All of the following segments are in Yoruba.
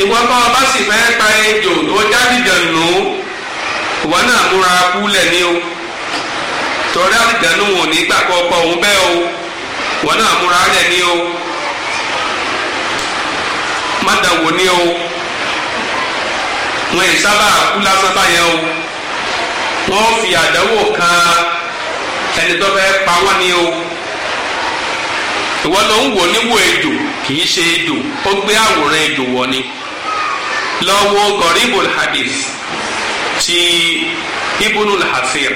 ìwọ tó o bá sì fẹ́ pa ejò tó jáde dànù ìwọ náà múra kú lẹ̀ ní o torí àdìdánù wọn ò ní gbà kọ́ ọkọ òun bẹ́ẹ̀ o ìwọ náà múra lẹ̀ ní o má dànwò ní o wọn ì sábà kú lásán báyẹn o wọn fi àdánwò kan ẹni tó fẹ́ pa wọ́n ní o ìwọ ló ń wò níwò ejò kì í ṣe ejò ó gbé àwòrán ejò wọ̀ ni lọ́wọ́ gọ̀rìbùl hadith ti ibùnul hasir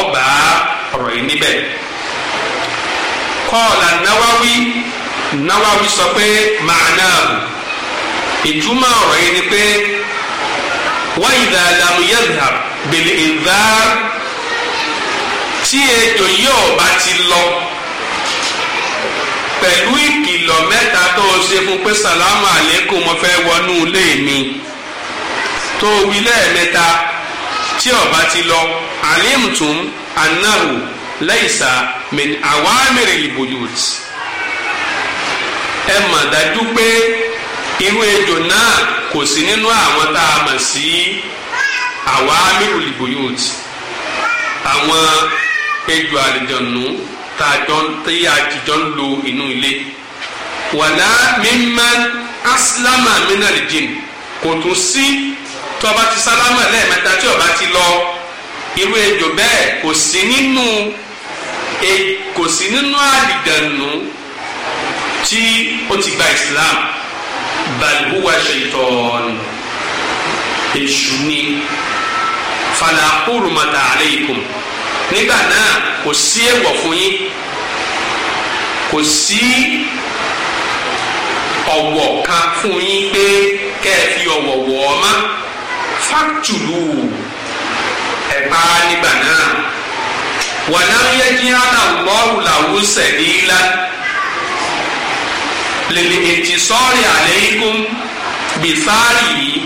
ọba ọ̀rọ̀ yìí níbẹ̀ kọ́ọ̀lá náwáwí náwáwí sọ pé màánà ìtumọ̀ ọ̀rọ̀ yìí ni pé wáyé ìdàdàmú yẹ́dà bèlè ìdá tí ètò yóò bá ti lọ pẹ̀lú ìkìlọ̀ mẹ́ta tó o ṣe fún pé sàlámù àlékún mo fẹ́ wọnú ilé mi tó wí lẹ́ẹ̀mẹ́ta tí ọba ti lọ alimtum annahu laysa min awamiri libuyut ẹ mọ̀ dájú pé irú ejò náà kò sí nínú àwọn tá a mọ̀ sí awamiri libuyut àwọn ejò àlejànú tá a jọ tí a jìjọ ń lo inú ilé wàlá mimman aslama minal kò tún sí tọba ti sálámà lẹ́ẹ̀mẹ́ta tí ọba ti lọ irú ejò bẹ́ẹ̀ kò sí nínú e, kò sí nínú àdìdànù tí ó ti gba Islam balùwà ṣètọ́n èṣù ni fàlà kúrùmọ̀tà alaykum nígbà náà kò sí èèwọ̀ fún yín kò sí ọ̀wọ̀ kan fún yín pé kẹ́ ẹ fi ọ̀wọ̀ wọ̀ ọ́ mọ́ fàtúlù ẹ pa nígbà náà wàlámiyẹ jẹ́ àlàmọ́rù làwọn sẹ̀lí ńlá lèlè ètì sọ́ọ̀rì àlẹ́yìnkùn bìsáàrì yìí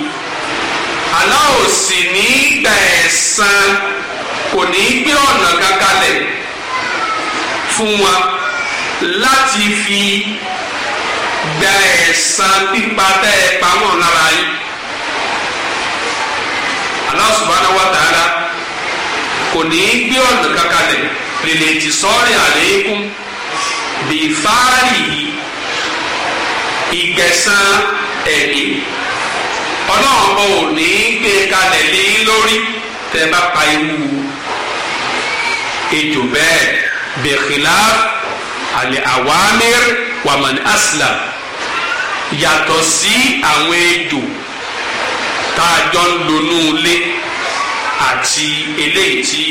aláwọ̀ sì ní gbà ẹ̀san kò ní gbé ọ̀nà kankanlẹ̀ fún wa láti fi gbà ẹ̀san pípa tẹ́ pamọ́ lára yìí. Allah subhanahu wa ta'ala kò ní í gbé ọ̀nà kankanlẹ̀ lèlè tí sọ́ọ̀rì àlékún bí fáàrì ìgbẹ̀sán ẹ̀mí ọlọ́run kò ní í gbé kalẹ̀ lé lórí tẹ́ bá pa ewu ejò bẹ́ẹ̀ bi khilaf àlè àwámẹ́rẹ́ wàmọ̀ni aslam yàtọ̀ sí àwọn ejò tá a jọ ń lonú ilé àti eléyìí tí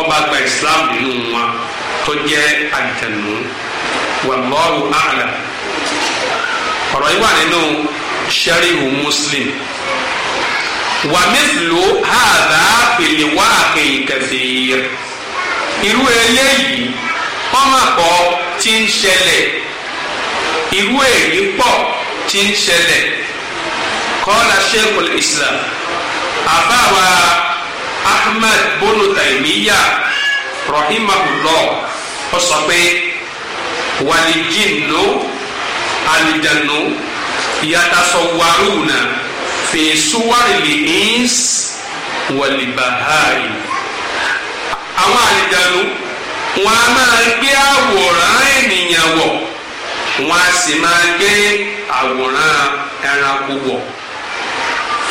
ọba gba islam nínú wọn tó jẹ́ àjẹnú wallahu a'lam ọ̀rọ̀ yìí wà nínú sharihu muslim wà mẹ́sìlò àdá pèlè wá àkèyíkẹsẹ̀ irú eléyìí ọmọ pọ̀ ń ṣẹlẹ̀ irú èyí pọ̀ tí ń ṣẹlẹ̀ kọ́lá sheikhul islam àbáwa ahmed bonu taimiya rahimahullah ó sọ pé wàlíjìnnú alìjànú yatasọ̀wárùnà fèsúwárìlì ins wàlìbàhárì àwọn àlìjànú wọn a máa gbé àwòrán ènìyàn wọ̀ wọn a sì máa gbé àwòrán ẹranko wọ̀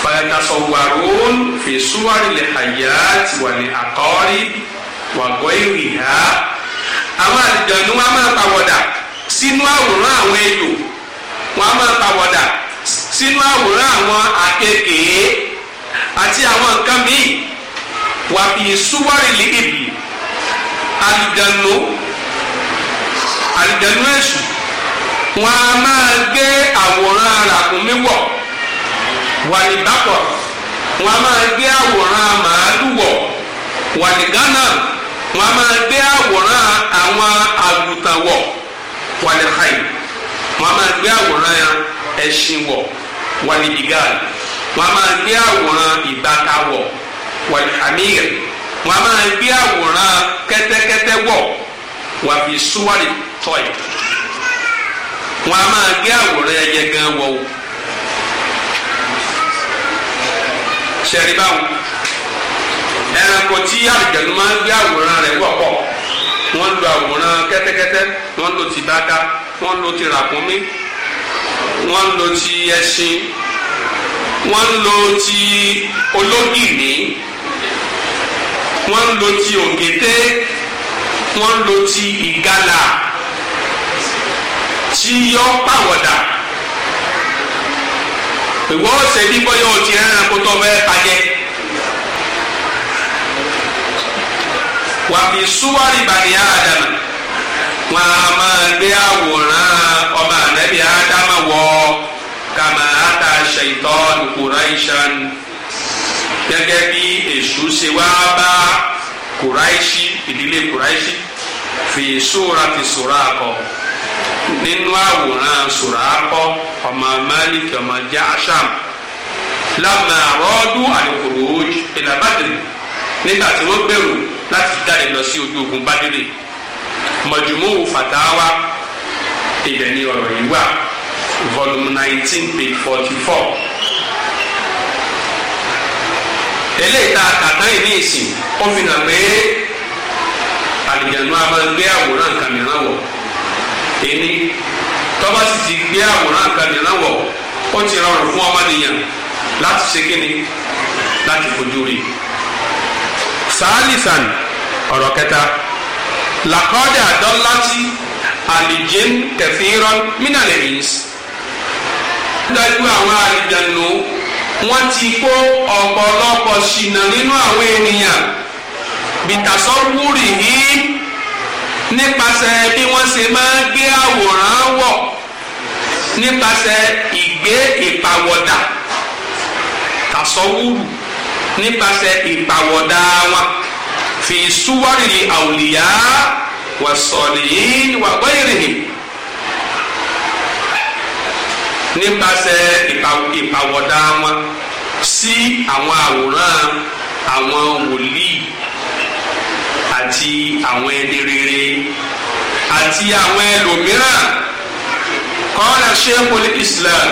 fayatasawwarun fi suwaril hayat wal aqarib wa ghayriha àwọn àlùjọ̀nù wọn a máa pàwọ̀dà sínú àwòrán àwọn èlò wọn a máa pàwọ̀dà sínú àwòrán àwọn àkekèé àti àwọn nǹkan míì wà fi suwaril ibi àlùjọ̀nù àlùjọ̀nù èṣù wọn a máa gbé àwòrán ràkúnmí wọ̀ wàlìbákọ̀ wọn a máa gbé àwòrán màálù wọ̀ wàlìgánà wọn a máa gbé àwòrán àwọn àgùntàn wọ̀ wàlìhàì wọn a máa gbé àwòrán ẹṣin wọ̀ wàlìbìgàn wọn a máa gbé àwòrán ìbáta wọ̀ wàlìhàmíyà wọn a máa gbé àwòrán kẹ́tẹ́kẹ́tẹ́ wọ̀ wàbí súwárì tọ́yì wọn a máa gbé àwòrán ẹyẹ gan wọ̀ sẹ́ni báwọn ẹranko tí àlùjẹ̀nu máa ń gbé àwòrán rẹ̀ wọ̀pọ̀ wọ́n lo àwòrán kẹ́tẹ́kẹ́tẹ́ wọ́n lo ti bàtà wọ́n lo ti ràkúnmí wọ́n lo ti ẹṣin wọ́n lo ti ológìní wọ́n lo ti òkété wọ́n lo ti ìgalà tí yọ pàwọ̀dà ìwọ ọ̀sẹ̀ bí bọ́yọ̀ ọ̀tí ẹran kó tọ́ bẹ́ẹ̀ tajẹ́. wàbí súwárì bani ádámà wọn a máa gbé àwòrán ọmọ ànábì ádámà wọ kàmá ata ṣètọ́ nùkúráìṣán gẹ́gẹ́ bí èṣù ṣe wá bá kùráìṣì ìdílé kùráìṣì fi sóra fi sóra kọ́ nínú àwòrán sùràkọ́ ọmọ malik ọmọ jaasham lamma rọ́ọ̀dù al-khuruj ila Badr nígbà tí wọ́n gbèrò láti jáde lọ sí ojú ogun Badr majmu'u fatawa ibẹ̀ ni ọ̀rọ̀ yìí wà volume nineteen page forty four eléyìí tá a kà tán yìí ní ìsìn ó fi hàn pé àlùjànnú a máa ń gbé àwòrán nǹkan wọ̀ àdéhùn tọ́ba sì ti gbé àwòrán kan nìran wọ̀ ó ti rọrùn fún ọmọnìyàn láti ṣe kíni láti fojú rí sàálìsàn ọ̀rọ̀ kẹta làkọ́dẹ̀ àdọ́láti àlìjẹ́n kẹfìrán mínàlẹ̀ ìns dájú àwọn àlìjẹ̀nù wọ́n ti kó ọ̀pọ̀lọpọ̀ ṣìnà nínú àwọn ènìyàn bìtàsọ́wúrì yìí nípasẹ̀ bí wọ́n ṣe máa ń gbé àwòrán wọ̀ nípasẹ̀ ìgbé ìpàwọ̀dà tàsọ́wúrù nípasẹ̀ ìpàwọ̀dà wọn fi súwárìrì àwòlíyá wà sọ̀rìyìn wà gbẹ́yìrì nípasẹ̀ ìpàwọ̀dà wọn sí àwọn àwòrán àwọn wòlíì àti àwọn ẹni rere àti àwọn ẹlòmíràn kọ́lá sheikhul islam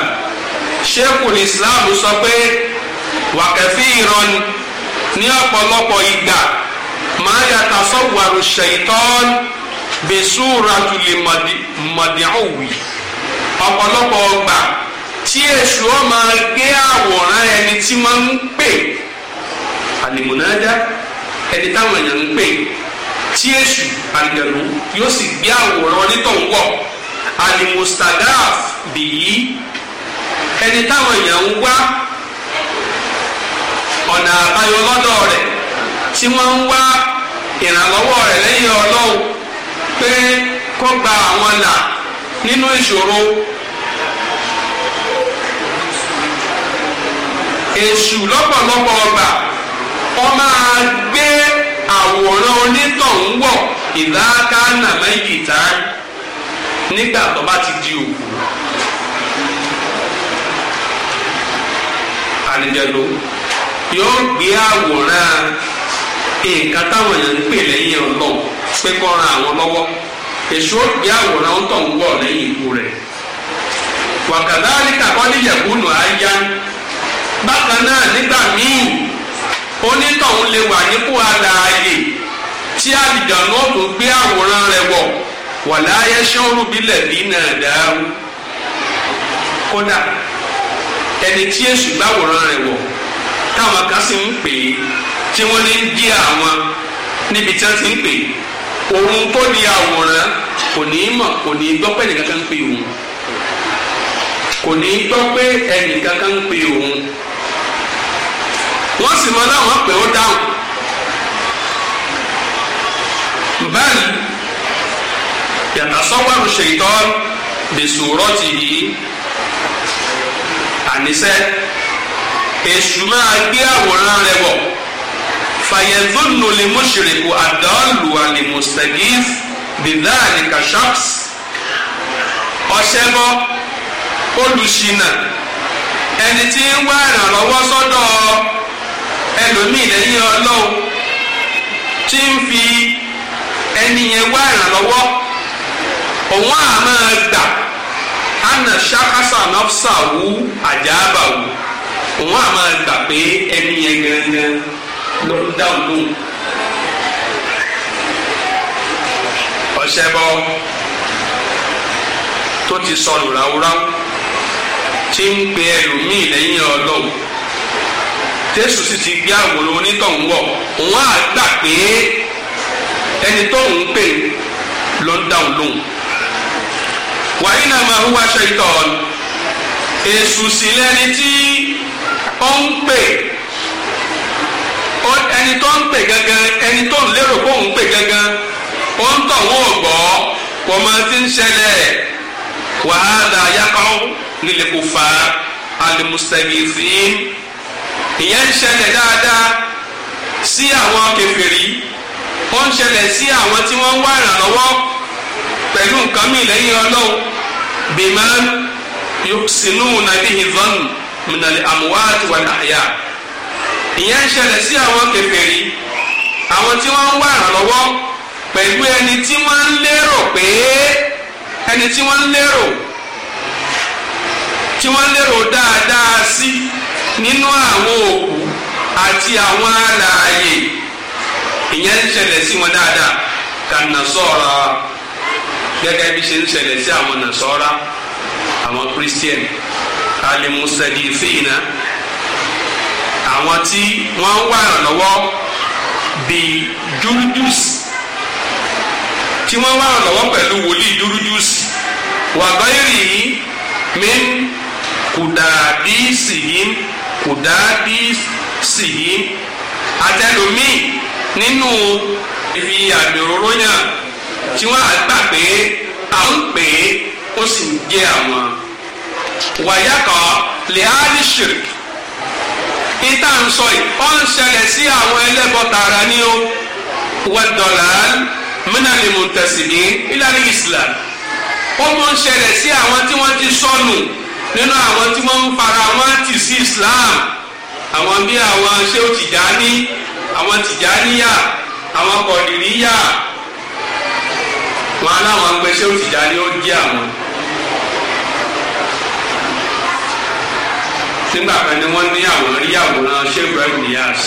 sheikhul islam sọ pé wàkẹ́fì ìran ní ọ̀pọ̀lọpọ̀ ìgbà máa yàtọ̀ sọ́wọ́rù ṣèitán bẹ̀sùràtúlẹ̀ mọ̀dìhùwì ọ̀pọ̀lọpọ̀ ọgbà tí èṣù ọ máa gbé àwòrán ẹni tí máa ń pè àlìmùnájá ẹni táwọn èèyàn ń pè tí èṣù àlìjẹ̀nu yóò sì gbé àwòrán onítọ̀hún wọ̀ alimustadaf bìyí ẹni táwọn èèyàn ń wá ọ̀nà àbáyọ lọ́dọ̀ rẹ̀ tí wọ́n ń wá ìrànlọ́wọ́ rẹ̀ lẹ́yìn ọlọ́run pé kó gba àwọn là nínú ìṣòro èṣù lọ́pọ̀lọpọ̀ ọgbà wọ́n máa gbé àwòrán onítọ̀hún wọ̀ ìdáká nàmẹ́ ìta nígbà tó bá ti di òkú. àlejò yóò gbé àwòrán nǹkan táwọn èèyàn ń pè lẹ́yìn ọlọ́run pé kó ran àwọn lọ́wọ́ èso gbé àwòrán tó ń wọ̀ lẹ́yìn ikú rẹ̀ wàkàdá àríkà kọ́ níyẹ̀kú nù ayá bákan náà nígbà míì. onye lè wà nípò àlàyé tí àlìjànú ọ̀tún gbé àwòrán rẹ̀ wọ̀ wàlá ayẹ́sán rúbílẹ̀ bí náà dáhùn kódà ẹni tí èṣù gbàwòrán rẹ̀ wọ̀ táwọn kan sì ń pè é tí wọ́n ní bí àwọn níbi tí wọ́n ti ń pè é òun tó di àwòrán kò ní í mọ̀ kò ní í gbọ́ pé ẹnìkan kan wọ́n sì mọ láwọn pé ó dáhùn. báyìí yàtọ̀ sọ́wọ́rù ṣètò bẹ̀sùrọ̀ tì í àníṣẹ́ èṣù máa gbé àwòrán rẹ̀ bọ̀ fàyẹ̀dúnnù lè mú ṣèrèkù àdọ́ọ̀lù àlèmùsẹ̀gìf bìdáàlì kàṣọ́ọ̀sì ọ̀ṣẹ́bọ olùṣìnà ẹni tí ń wá ìrànlọ́wọ́ sọ́dọ̀ ọ́ ẹlòmíì lẹ́yìn ọlọ́run tí ń fi ẹni yẹn wá ìrànlọ́wọ́ òun á máa gbà ana ṣakasa nafsa wu àjàbà wu òun á máa gbà pé ẹni yẹn gangan ló ń dáhùn lóhùn. ọ̀sẹ̀ bọ́ tó ti sọnù ráúráú tí ń pe ẹlòmíì lẹ́yìn ọlọ́run jésù sì ti gbé àwòrán onítọ̀hún wọ̀ òun á gbà pé ẹni tó ń pè ló ń dáhùn lóhùn wàyí náà máa hùwà ṣaitan èṣù sì lẹni tí ó ń pè ẹni tó ń pè gangan ẹni tó ń lérò pé òun pè gangan ó ń tọ̀ wọ́n gbọ́ kò máa ti ń ṣẹlẹ̀ wàhálà yàtọ̀ nílẹ̀ kò fà á alimusẹ̀mìsì. ìyẹn ń ṣẹlẹ̀ dáadáa sí àwọn kèfèrí ó ń ṣẹlẹ̀ sí àwọn tí wọ́n ń wá ìrànlọ́wọ́ pẹ̀lú nǹkan mìíràn lẹ́yìn ọlọ́run bímá sínú nàbí ìvọ́nù mìnàlẹ́ àmúwáàtì wà láàyà ìyẹn ń ṣẹlẹ̀ sí àwọn kèfèrí àwọn tí wọ́n ń wá ìrànlọ́wọ́ pẹ̀lú ẹni tí wọ́n ń lérò pé Si nínú àwọn òkú àti àwọn alààyè ìyẹn ń ṣẹlẹ̀ sí wọn dáadáa kan nasọ́ra gẹ́gẹ́ bí ṣe ń ṣẹlẹ̀ sí àwọn nasọ́ra àwọn christian alimusadiifina àwọn tí wọ́n wà lọ́wọ́ bíi jurujus tí wọ́n wà lọ́wọ́ pẹ̀lú wòlíì jurujus wàgbáyìrì mi kùdà bíi sìyí kùdàbí sìyí àtẹnumí nínú ibi àmì òróró yàn tí wọ́n á gbà pé à ń pè é ó sì ń jẹ́ àwọn. wàyà kan lè á ní sọ yìí ó ń ṣẹlẹ̀ sí àwọn ẹlẹ́bọ tààrà ni ó wọ́n dọ̀là mínàlì mùtẹ̀sìmí Islam ó mọ̀ ń ṣẹlẹ̀ sí àwọn tí wọ́n ti sọnù. So nínú àwọn tí wọ́n ń fara wọn tì sí Islam àwọn bí àwọn Ṣéhù Tìjání àwọn Tìjáníyà àwọn Kọ̀dìríyà wọn aláwọn ń pe Ṣéhù Tìjání ó jẹ́ àwọn. nígbà kan ni wọ́n ní àwọn rí àwòrán Ṣéhù Ibrahim Niyas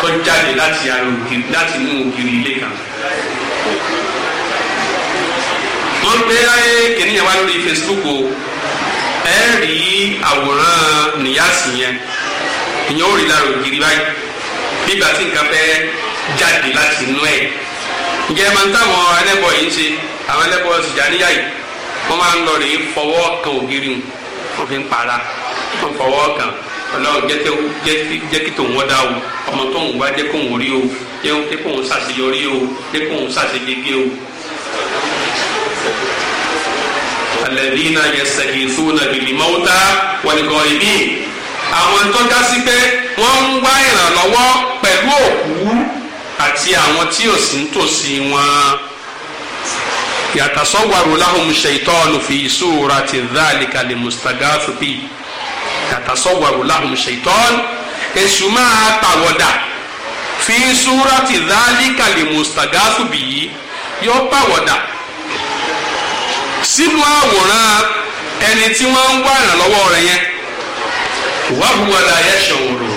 tó jáde láti ara ògiri láti inú ògiri ilé kan wọ́n gbé ayé kìnìyàn wá lórí Facebook o ẹ rí àwòrán níyàsí yẹn ìyẹn ó rí lára ògiri báyìí bíbá tí nǹkan fẹ́ jáde láti inú ẹ̀ ǹjẹ́ máa ń táwọn ẹlẹ́bọ̀ yìí ń ṣe àwọn ẹlẹ́bọ̀ Tìjàníyà yìí wọ́n máa ń lọ rèé fọwọ́ kan ògiri wọn fi ń para wọn fọwọ́ kan ọlọ́run jẹ́ kí tòun wọ́dà o ọmọ tóun wá jẹ́ kóun rí o jẹ́ kóun ṣàṣeyọrí o jẹ́ kóun ṣàṣeyege o. alẹ́dínà yẹsẹ̀gìsúnà bìlìmọ́tà wọ̀nìkọ̀ ìbí àwọn tó já sí pé wọ́n ń wá ìrànlọ́wọ́ pẹ̀lú òkú àti àwọn tí ò sí nítòsí wọn yàtàsọ́wárò láhùn ṣèitọ́ọ̀nù fi ìṣúra ti dhalika lè mustagath bi yàtàsọ́wárò láhùn ṣèitọ́ọ̀nù èṣù máa pàwọ̀dà fi ìṣúra ti dhalika lè mustagath bi yóò pàwọ̀dà sínú àwòrán ẹni tí wọ́n ń wá ìrànlọ́wọ́ rẹ̀ yẹn wàhùwà láyé ṣòwòrò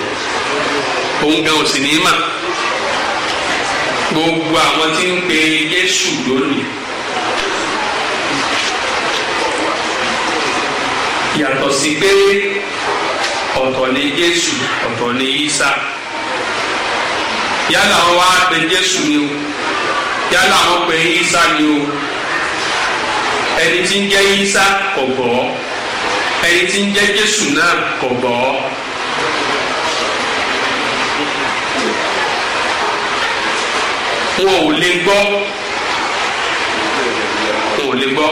òun gan òsì ní mà gbogbo àwọn tí ń pe Jésù lónìí yàtọ̀ sí pé ọ̀tọ̀ ni Jésù ọ̀tọ̀ ni Ísà yálà wọn wá pe Jésù ni o yálà wọn pe Ísà ni o. ẹni tí ń jẹ́ Ìsá kò gbọ́ ẹni tí ń jẹ́ Jésù náà kò gbọ́. wọn ò lè gbọ́ wọn ò lè gbọ́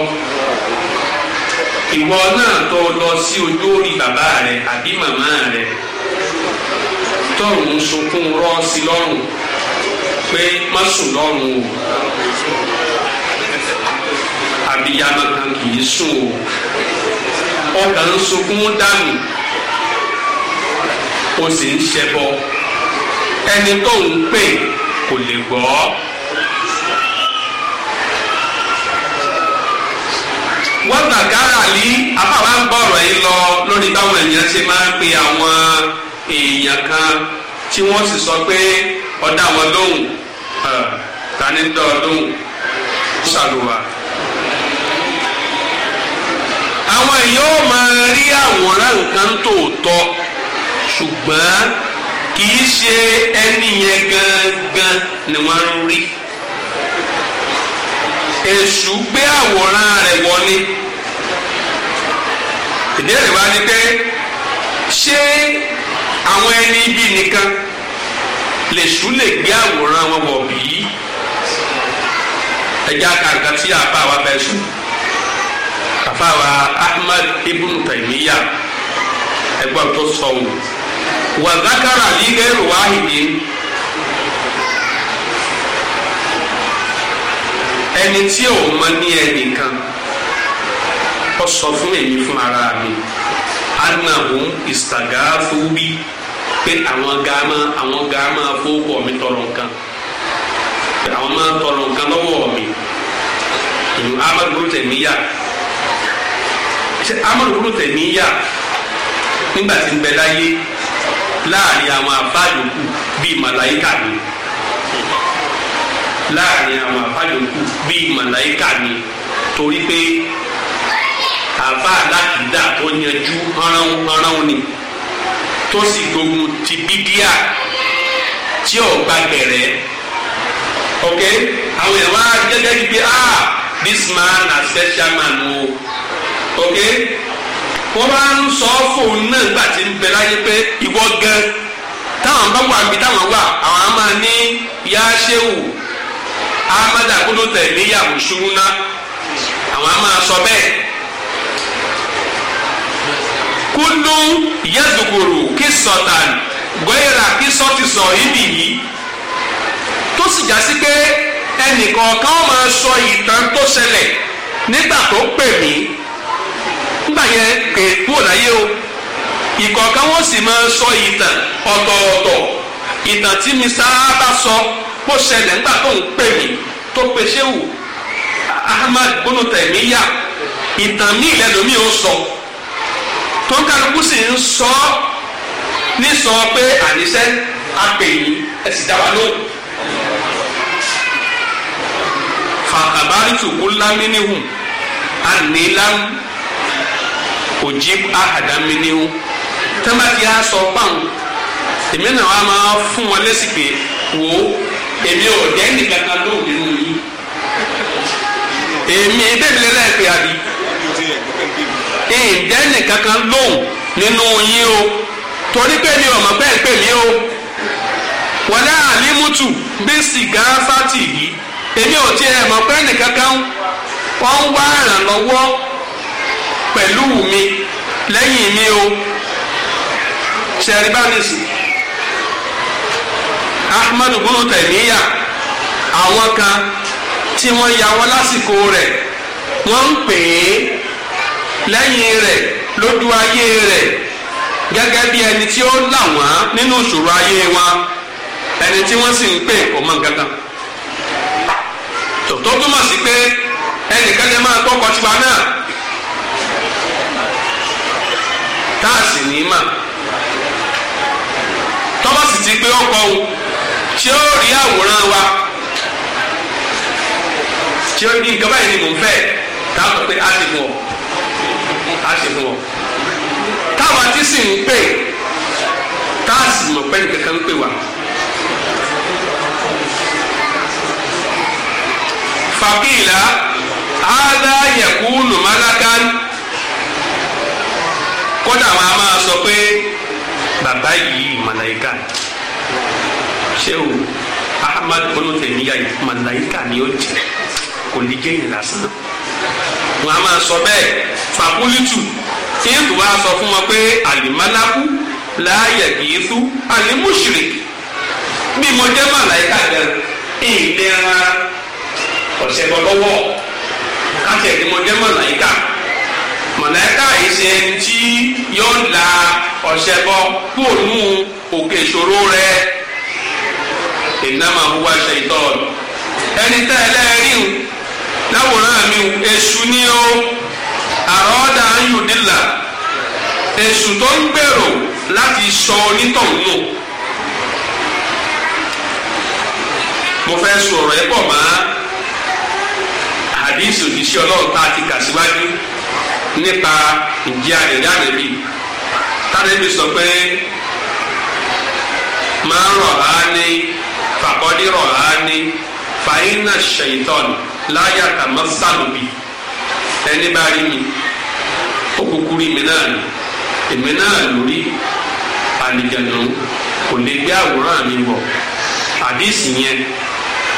ìwọ náà tó lọ sí ojú orí bàbá rẹ àbí màmá rẹ tọrùn sunkún rọ sí lọ́rùn pé má sùn lọ́rùn o abiyamọ kan kì í sùn o ọkàn ń sunkún dànù o sì ń ṣẹbọ ẹni tó ń pè kò lè gbọ́. wọ́n gbàgárà lí àbáwá ń bọ̀rọ̀ yìí lọ lórí báwọn èèyàn ṣe máa ń pe àwọn èèyàn kan tí wọ́n sì sọ pé ọ̀dà wọn lóhùn tani dọ̀ lóhùn ṣàlùwà. àwọn èèyàn ó máa rí àwòrán nǹkan tòótọ́ ṣùgbọ́n kì í ṣe ẹni yẹn gangan ni wọ́n ń rí èṣù gbé àwòrán rẹ̀ wọlé ìbéèrè wa ni pé ṣé àwọn ẹni ibi nìkan lèṣù lè gbé àwòrán wọn wọ̀ bí ẹja kàǹkà tí a bá wa bẹ sùn àfàwà Ahmad ibn Taymiyyah ẹgbọn tó sọhùn wà zákàrà lígẹrù wáhìdì ẹni tí ò mọ ní ẹnìkan ó sọ fún èmi fún ara mi anahun istagafubi pé àwọn gaama àwọn gaama fowópọ̀ mi tọrọ nǹkan àwọn máa tọrọ nǹkan lọ́wọ́ mi ìlú amadu tẹ̀míyà amadu kúrò tẹ̀míyà nígbà tí ń bẹ láyé láàrin àwọn àbáyòkù bíi màláyíkà ni láàrin àwọn àbáyòkù bíi màláyíkà ni torí pé àbá alákìdá tó yanjú hánránhánrán ni tó sì gbógun ti bídíà tí ò gba gbẹ̀rẹ̀ ok àwọn èèyàn wá gẹ́gẹ́ bíi ah this man na special man o. Oh ok wọ́n bá ń sọ fóun náà nígbà tí ń bẹ láyé pé ìwọ gan táwọn bá wà níbi táwọn wà àwọn á máa ní yá ṣéwù ahmed akudote níyàwó ṣúná àwọn á máa sọ bẹ́ẹ̀ kúndú yẹ́dùkúrú kí sọ̀tàn gbẹ́yẹ̀rà kí sọ́ọ̀tì sọ yìí tó sì já sí pé ẹnìkọ̀ọ̀kan máa sọ ìtàn tó ṣẹlẹ̀ nígbà tó pè mí yẹn pè kúrò láyé o ìkọ̀ọ̀kan wọn sì máa sọ ìtàn ọ̀tọ̀ọ̀tọ̀ ìtàn tí mi sábà sọ bó ṣẹlẹ̀ nígbà tó ń pè mí tó pe ṣéwù Ahmad bónú tẹ̀mí yá ìtàn mí ìlẹ́lómi ò sọ tó ń kálukú sì ń sọ ní sọ pé àníṣe apè yìí ẹ sì dá wa lóhùn fàkàbárìtù kúlámínìhùn ànílámù. kò jí àhàdámíníhù tẹ́mbàtì á sọ pàm èmi náà wà máa fún wọn lẹ́sìn pé wò ó èmi ò jẹ́ nìkan kan lóhùn nínú yìí èmi ìdẹ́bìlẹ́ náà pè àbí ìjẹ́ nìkan kan lóhùn nínú yìí o torí pé mi ò mọ̀ bẹ́ẹ̀ pè mí o wọlé àlímútù bí sìgá fátì yìí èmi ò tiẹ̀ mọ̀ pé nìkan kan wọ́n ń wá ìrànlọ́wọ́. pẹ̀lú mi lẹ́yìn mi o sẹ̀rìbánìsì ahmadu bunu tẹ̀míyà àwọn kan tí wọ́n ya wọ́n lásìkò rẹ̀ wọ́n ń pè é lẹ́yìn rẹ̀ lójú ayé rẹ̀ gẹ́gẹ́ bí ẹni tí ó là wọ́n nínú ìṣòro ayé wọn ẹni tí wọ́n sì ń pè ọmọ nǹkan kan tó túmọ̀ sí pé ẹnìkan lè máa tọkọ tiwa náà. tá a sì ní sì ti pé ọkọ̀ o tí ó rí àwòrán wa tí ó ní nǹkan báyìí ni mò ń fẹ́ táwọn pé a ti fún ọ a ti fún ọ táwọn àti sì ń pè tá mọ̀ pé nǹkan kan ń pè wá. fàkìlà ádá yẹ̀kú nùmálákàá kódà wọn a máa sọ pé bàbá yìí màláìka ṣéwù Ahmad olùtẹ̀míyà yìí màláìka ni ó jẹ kò ní jẹ́yìn lásán wọn a máa sọ bẹ́ẹ̀ fàkúlìtù tí ń tù wá sọ fún wọn pé àlìmánákú láàyè kìí tú àlìmúṣìrì bí mo jẹ́ màláìka gan ìlera ọ̀sẹ̀ bọ́ lọ́wọ́ káṣẹ̀ ni mo jẹ́ màláìka mọ̀lẹ́kà yìí ṣe ẹni tí yóò la ọ̀ṣẹ́ bọ́ kúrò nù òkè ìṣòro rẹ̀ ìnáma wúwa ṣe ìtọ́ọ̀lù ẹni tẹ́ ẹ lẹ́rìn láwòrán mi èṣù ni ó àrọ́dà ayùdílà èṣù tó ń gbèrò láti sọ onítọ̀hún nù. mo fẹ́ sọ̀rọ̀ ẹ pọ̀ mọ́ àdìsí òjíṣẹ́ ọlọ́run tá a ti kà nípa ìjẹ́ àrẹ̀rẹ̀ àrẹ̀bí tàbí sọ pé máa rọ̀ á ní fàkọ́dé rọ̀ á ní fàyínà ṣèyítọ́nù láyà tàmọ́ sálùbí ẹni bá rí mi ó kúkú rí mi náà ní èmi náà lórí àlìjẹ̀nù kò lè gbé àwòrán mi wọ̀ àdìsí yẹn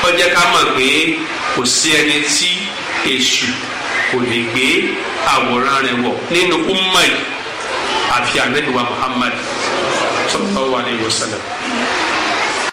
ó jẹ́ ká mọ̀ pé kò sí ẹni tí èṣù kò lè gbé àwòrán rẹ̀ wọ̀ nínú ummah àfi ànábì wa Muhammad sallallahu alaihi wasallam.